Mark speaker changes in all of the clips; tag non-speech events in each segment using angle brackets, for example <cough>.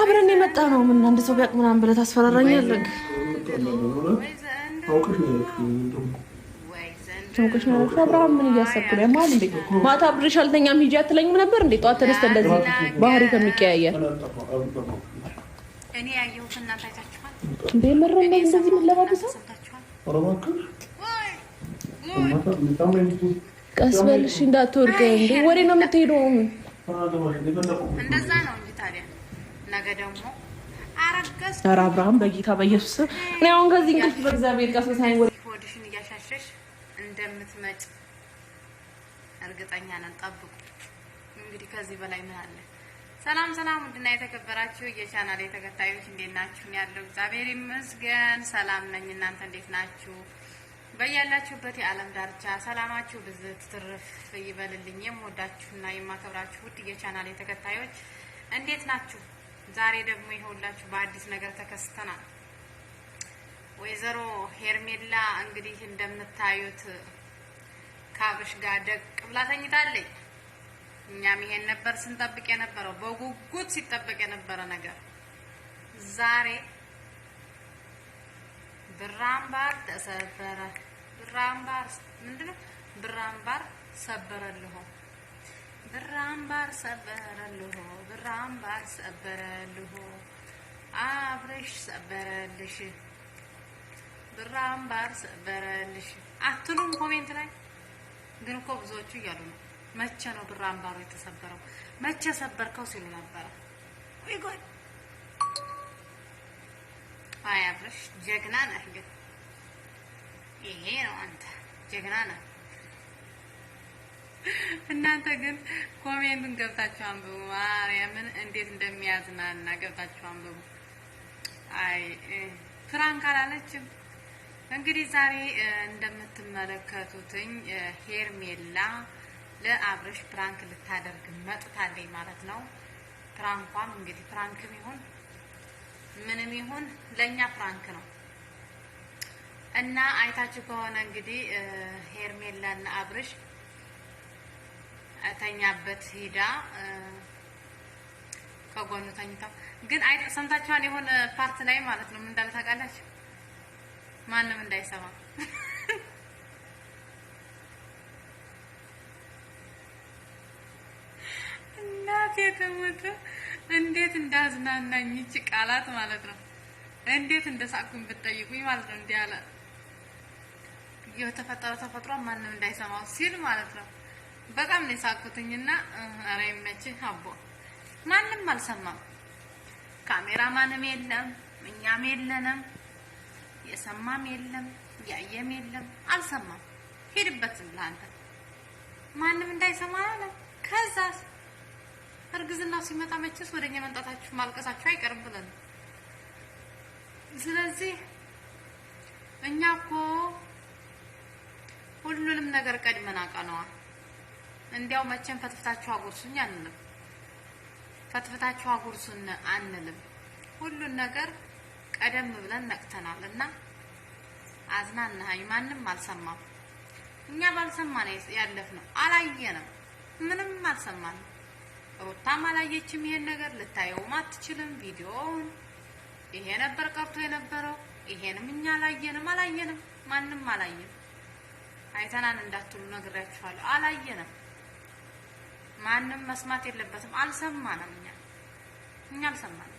Speaker 1: አብረን የመጣ ነው። ምን አንድ ሰው ቢያውቅ ምናምን ብለህ ታስፈራራኛለህ። አውቀሽ ነው
Speaker 2: ያልኩሽ። አብርሃም ምን እያሰብኩ ነው ያማል። እንዴ ማታ አብሬሽ አልተኛም ሂጂ አትለኝም ነበር እንዴ? ጠዋት ተነስተ እንደዚህ ባህሪ ከሚቀያየር እንዴ? ምር እንደዚህ የምንለባበሰው ቀስ በልሽ እንዳትወርቅ። እንዴ ወዴት ነው የምትሄደው?
Speaker 1: እንደዛ
Speaker 3: ነው እንጂ ታዲያ ነገ ደግሞ
Speaker 2: አረገዝ። ኧረ አብርሃም በጌታ በኢየሱስ እኔ አሁን ከዚህ እንቅልፍ በእግዚአብሔር ቀስ ሳይን
Speaker 3: ሆድሽን እያሻሸሽ እንደምትመጭ እርግጠኛ ነን። ጠብቁ እንግዲህ ከዚህ በላይ ምን አለ? ሰላም ሰላም፣ ውድና የተከበራችሁ የቻናል ተከታዮች እንዴት ናችሁ? ያለው እግዚአብሔር ይመስገን ሰላም ነኝ። እናንተ እንዴት ናችሁ? በያላችሁበት የዓለም ዳርቻ ሰላማችሁ ብዝት ትርፍ ይበልልኝ። የምወዳችሁና የማከብራችሁ ውድ የቻናል ተከታዮች እንዴት ናችሁ? ዛሬ ደግሞ ይኸውላችሁ በአዲስ ነገር ተከስተናል። ወይዘሮ ሄርሜላ እንግዲህ እንደምታዩት ካብሽ ጋር ደቅ ብላ ተኝታለች። እኛም ይሄን ነበር ስንጠብቅ የነበረው በጉጉት ሲጠበቅ የነበረ ነገር ዛሬ ብራምባር ተሰበረ። ብራምባር ምንድነው? ብራምባር ሰበረልሆ ብራምባር ሰበረልሆ ብራምባር ሰበረልሆ አብረሽ ሰበረልሽ ብራምባር ሰበረልሽ አትሉም ኮሜንት ላይ ግን እኮ ብዙዎቹ እያሉ ነው። መቼ ነው ብራምባሩ የተሰበረው? መቼ ሰበርከው ሲሉ ነበረ። ወይ ጎድ አይ አብረሽ ጀግና ነህ ግን ይሄ ነው። አንተ ጀግና ነህ። እናንተ ግን ኮሜንቱን ገብታችሁ አንብቡ። ማርያምን እንዴት እንደሚያዝናና ገብታችሁ አንብቡ። አይ ፕራንክ አላለችም። እንግዲህ ዛሬ እንደምትመለከቱትኝ ሄርሜላ ለአብረሽ ፕራንክ ልታደርግ መጥታለኝ ማለት ነው። ፕራንኳም እንግዲህ ፕራንክም ይሁን ምንም ይሁን ለእኛ ፕራንክ ነው። እና አይታችሁ ከሆነ እንግዲህ ሄርሜላን አብርሽ ተኛበት ሂዳ ከጎኑ ተኝተው ግን አይ ሰምታችኋል። የሆነ ፓርት ላይ ማለት ነው ምን እንዳለ ታውቃላችሁ? ማንም እንዳይሰማ <laughs> እናቴ ተሞተ። እንዴት እንዳዝናናኝ ይቺ ቃላት ማለት ነው። እንዴት እንደሳቅኩኝ ብትጠይቁኝ ማለት ነው እንዲህ የተፈጠረው ተፈጥሮ ማንም እንዳይሰማው ሲል ማለት ነው። በጣም ነው የሳኩትኝና ኧረ ይመችህ አቦ። ማንም አልሰማም። ካሜራማንም የለም፣ እኛም የለንም፣ የሰማም የለም፣ ያየም የለም። አልሰማም። ሄድበትም ለአንተ ማንም እንዳይሰማ አለ። ከዛ እርግዝናው ሲመጣ መቼስ ወደኛ መምጣታችሁ ማልቀሳችሁ አይቀርም ብለን ስለዚህ እኛ እኮ ሁሉንም ነገር ቀድመን አቀነዋ እንዲያው መቼም ፈትፍታችሁ አጉርሱኝ አንልም፣ ፈትፍታችሁ አጉርሱን አንልም። ሁሉን ነገር ቀደም ብለን ነቅተናል እና አዝናናኝ። ማንም አልሰማም። እኛ ባልሰማን ያለፍ ነው አላየንም፣ ምንም አልሰማንም። ሩታም አላየችም። ይሄን ነገር ልታየውም አትችልም። ቪዲዮውን ይሄ ነበር ቀርቶ የነበረው። ይሄንም እኛ አላየንም አላየንም፣ ማንም አላየንም። አይተናን እንዳትሉ ነግራችኋለሁ። አላየንም። ማንም መስማት የለበትም። አልሰማንም። እኛ እኛ አልሰማንም።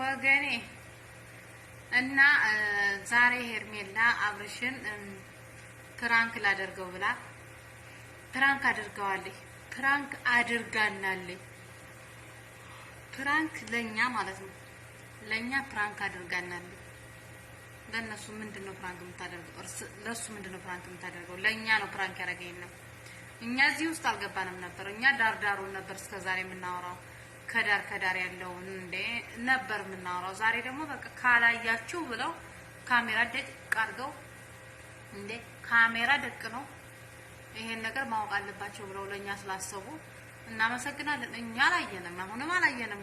Speaker 3: ወገኔ እና ዛሬ ሄርሜላ አብርሽን ፕራንክ ላደርገው ብላ ፕራንክ አድርገዋለች። ፕራንክ አድርጋናለች። ፕራንክ ለኛ ማለት ነው። ለእኛ ፕራንክ አድርጋናል። ለእነሱ ምንድን ነው ፕራንክ የምታደርገው? ለእሱ ምንድን ነው ፕራንክ የምታደርገው? ለእኛ ነው ፕራንክ ያደረገኝ ነው። እኛ እዚህ ውስጥ አልገባንም ነበር። እኛ ዳር ዳሩን ነበር እስከዛሬ የምናወራው ከዳር ከዳር ያለውን እንዴ ነበር የምናወራው። ዛሬ ደግሞ በቃ ካላያችሁ ብለው ካሜራ ደቅ አድርገው እንዴ ካሜራ ደቅ ነው ይሄን ነገር ማወቅ አለባቸው ብለው ለእኛ ስላሰቡ እናመሰግናለን። እኛ አላየንም፣ አሁንም አላየንም።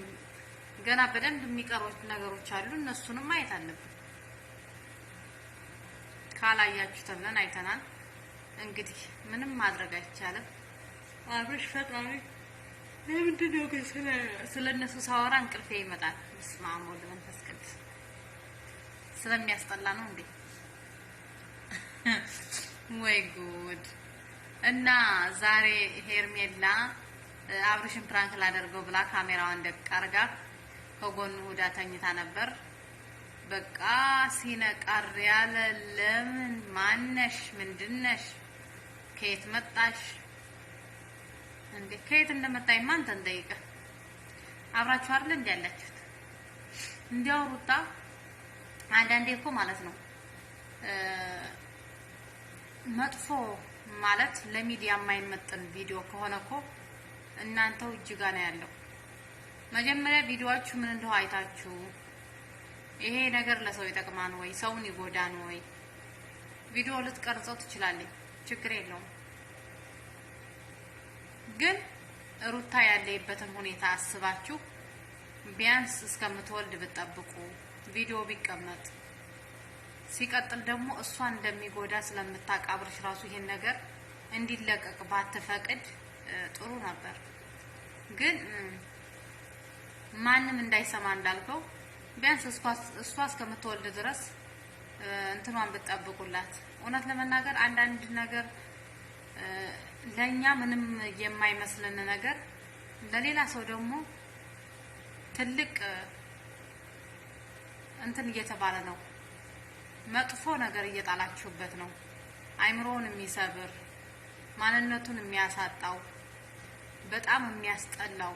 Speaker 3: ገና በደንብ የሚቀሩት ነገሮች አሉ። እነሱንም ማየት አለብን። ካላያችሁ ተብለን አይተናል። እንግዲህ ምንም ማድረግ አይቻልም። አብርሽ ፈጣሪ ለምንድን ነው ግን ስለ እነሱ ሳወራ እንቅልፌ ይመጣል። በስመ አብ ወወልድ ወመንፈስ ቅዱስ ስለሚያስጠላ ነው እንዴ? <laughs> ወይ ጉድ! እና ዛሬ ሄርሜላ አብርሽን ፕራንክ ላደርገው ብላ ካሜራዋን ደቅ አርጋ ከጎኑ ሁዳ ተኝታ ነበር። በቃ ሲነቃር ያለ ለምን ማነሽ? ምንድነሽ? ከየት መጣሽ? እንዴ ከየት እንደመጣኝ ማንተ እንጠይቀ አብራችሁ አይደል እንዴ ያላችሁት? እንዲያው ሩታ አንዳንዴ እኮ ማለት ነው መጥፎ ማለት ለሚዲያ የማይመጥን ቪዲዮ ከሆነ እኮ እናንተው እጅ ጋ ነው ያለው መጀመሪያ ቪዲዮአችሁ ምን እንደሆነ አይታችሁ ይሄ ነገር ለሰው ይጠቅማን ወይ ሰውን ይጎዳን ወይ ቪዲዮ ልትቀርጸው ትችላለች፣ ችግር የለውም። ግን ሩታ ያለይበትን ሁኔታ አስባችሁ ቢያንስ እስከምትወልድ ብትጠብቁ ቪዲዮ ቢቀመጥ ሲቀጥል ደግሞ እሷ እንደሚጎዳ ስለምታውቅ አብርሽ ራሱ ይሄን ነገር እንዲለቀቅ ባትፈቅድ ጥሩ ነበር ግን ማንም እንዳይሰማ እንዳልከው ቢያንስ እሷ እስከምትወልድ ድረስ እንትኗን ብትጠብቁላት። እውነት ለመናገር አንዳንድ ነገር ለእኛ ምንም የማይመስልን ነገር ለሌላ ሰው ደግሞ ትልቅ እንትን እየተባለ ነው። መጥፎ ነገር እየጣላችሁበት ነው። አይምሮውን የሚሰብር ማንነቱን የሚያሳጣው በጣም የሚያስጠላው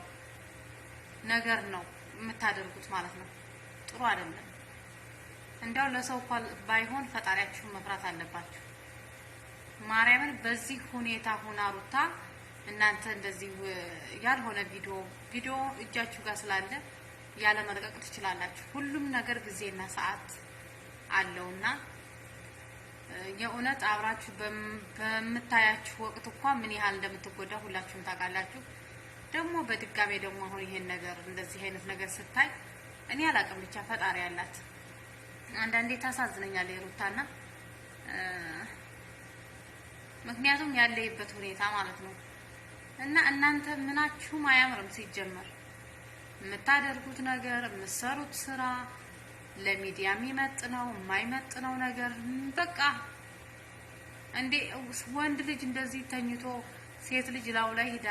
Speaker 3: ነገር ነው የምታደርጉት ማለት ነው። ጥሩ አይደለም። እንዲያው ለሰው ባይሆን ፈጣሪያችሁን መፍራት አለባችሁ። ማርያምን በዚህ ሁኔታ ሁና ሩታ እናንተ እንደዚህ ያልሆነ ቪዲዮ ቪዲዮ እጃችሁ ጋር ስላለ ያለ መልቀቅ ትችላላችሁ። ሁሉም ነገር ጊዜና ሰዓት አለውና የእውነት አብራችሁ በምታያችሁ ወቅት እንኳ ምን ያህል እንደምትጎዳ ሁላችሁም ታውቃላችሁ። ደግሞ በድጋሜ ደግሞ አሁን ይሄን ነገር እንደዚህ አይነት ነገር ስታይ እኔ አላቅም ብቻ ፈጣሪ ያላት አንዳንዴ ታሳዝነኛል የሩታና ምክንያቱም ያለይበት ሁኔታ ማለት ነው። እና እናንተ ምናችሁም አያምርም ሲጀመር የምታደርጉት ነገር የምትሰሩት ስራ ለሚዲያ የሚመጥ የማይመጥ የማይመጥነው ነገር በቃ እንዴ ወንድ ልጅ እንደዚህ ተኝቶ ሴት ልጅ ላው ላይ ሂዳ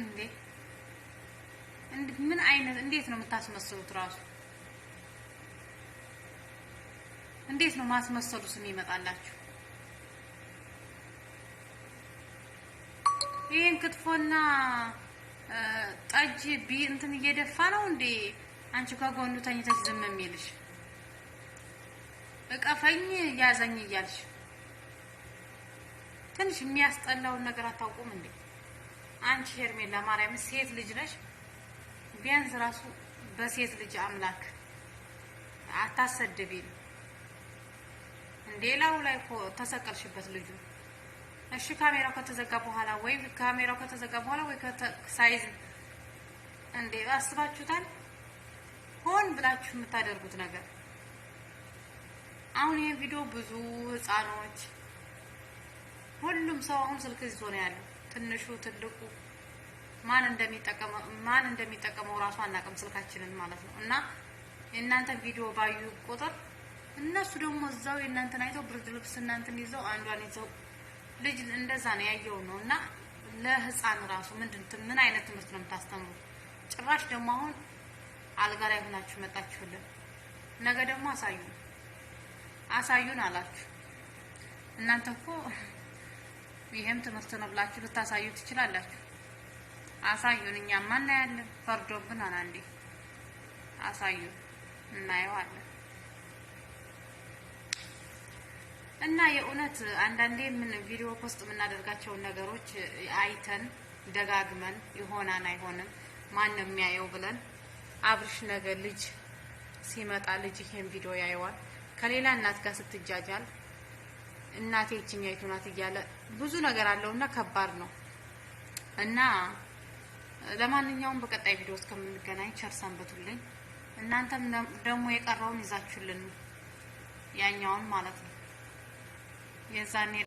Speaker 3: እንዴ ምን አይነት እንዴት ነው የምታስመስሉት? ራሱ እንዴት ነው ማስመሰሉ ስም ይመጣላችሁ? ይህን ክትፎና ጠጅ ቢ እንትን እየደፋ ነው እንዴ አንቺ ከጎኑ ተኝተሽ ዝም የሚልሽ እቀፈኝ ያዘኝ እያልሽ ትንሽ የሚያስጠላውን ነገር አታውቁም እንዴ? አንቺ ሄርሜላ ማርያም ሴት ልጅ ነሽ። ቢያንስ ራሱ በሴት ልጅ አምላክ አታሰድቢን። ሌላው ላይ ተሰቀልሽበት ልጁ። እሺ ካሜራው ከተዘጋ በኋላ ወይ ካሜራው ከተዘጋ በኋላ ወይ ሳይዝ እንዴ አስባችሁታል? ሆን ብላችሁ የምታደርጉት ነገር አሁን ይሄ ቪዲዮ ብዙ ህፃኖች፣ ሁሉም ሰው አሁን ስልክ ይዞ ነው ያለው። ትንሹ ትልቁ ማን እንደሚጠቀመው ማን እንደሚጠቀመው ራሱ አናውቅም፣ ስልካችንን ማለት ነው። እና የእናንተ ቪዲዮ ባዩ ቁጥር እነሱ ደግሞ እዛው የእናንተን አይተው ብርድ ልብስ እናንተን ይዘው አንዷን ይዘው ልጅ እንደዛ ነው ያየው ነው። እና ለህፃን ራሱ ምንድን ምን አይነት ትምህርት ነው የምታስተምሩት ጭራሽ ደግሞ አሁን አልጋ ላይ ሆናችሁ መጣችሁልን። ነገ ደግሞ አሳዩን አሳዩን አላችሁ እናንተ እኮ ይሄም ትምህርት ነው ብላችሁ ልታሳዩ ትችላላችሁ። አሳዩን፣ እኛማ እናያለን። ፈርዶብናል። አንዴ አሳዩን፣ እናየዋለን። እና የእውነት አንዳንዴ ምን ቪዲዮ ፖስት የምናደርጋቸውን ነገሮች አይተን ደጋግመን ይሆናን አይሆንም ማን ነው የሚያየው ብለን አብርሽ ነገ ልጅ ሲመጣ ልጅ ይሄን ቪዲዮ ያየዋል። ከሌላ እናት ጋር ስትጃጃል እናቴ ይችኛይቱ ናት እያለ ብዙ ነገር አለው እና ከባድ ነው እና ለማንኛውም በቀጣይ ቪዲዮ እስከምንገናኝ ቸር ሰንብቱልኝ። እናንተም ደግሞ የቀረውን ይዛችሁልን ያኛውን ማለት ነው የዛኔ